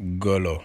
golo